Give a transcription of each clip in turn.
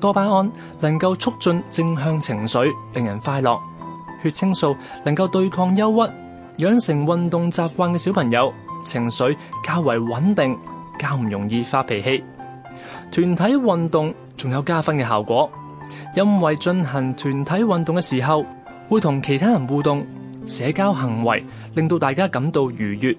多巴胺能夠促進正向情緒，令人快樂。血清素能夠對抗憂鬱。養成運動習慣嘅小朋友，情緒較為穩定，較唔容易發脾氣。團體運動仲有加分嘅效果，因為進行團體運動嘅時候，會同其他人互動，社交行為令到大家感到愉悅。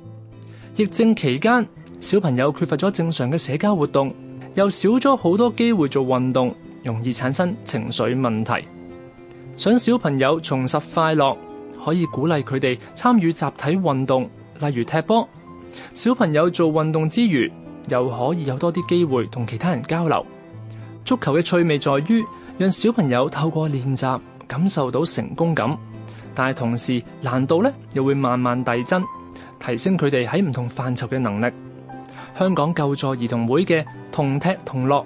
疫症期間，小朋友缺乏咗正常嘅社交活動，又少咗好多機會做運動。容易產生情緒問題。想小朋友重拾快樂，可以鼓勵佢哋參與集體運動，例如踢波。小朋友做運動之餘，又可以有多啲機會同其他人交流。足球嘅趣味在於，讓小朋友透過練習感受到成功感，但係同時難度咧又會慢慢遞增，提升佢哋喺唔同範疇嘅能力。香港救助兒童會嘅童踢同樂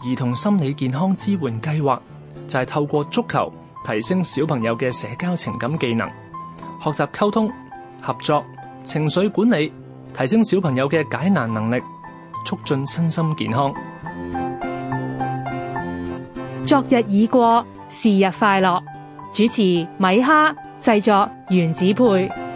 兒童心理健康支援計劃就係、是、透過足球提升小朋友嘅社交情感技能，學習溝通、合作、情緒管理，提升小朋友嘅解難能力，促進身心健康。昨日已過，是日快樂。主持米哈，製作原子配。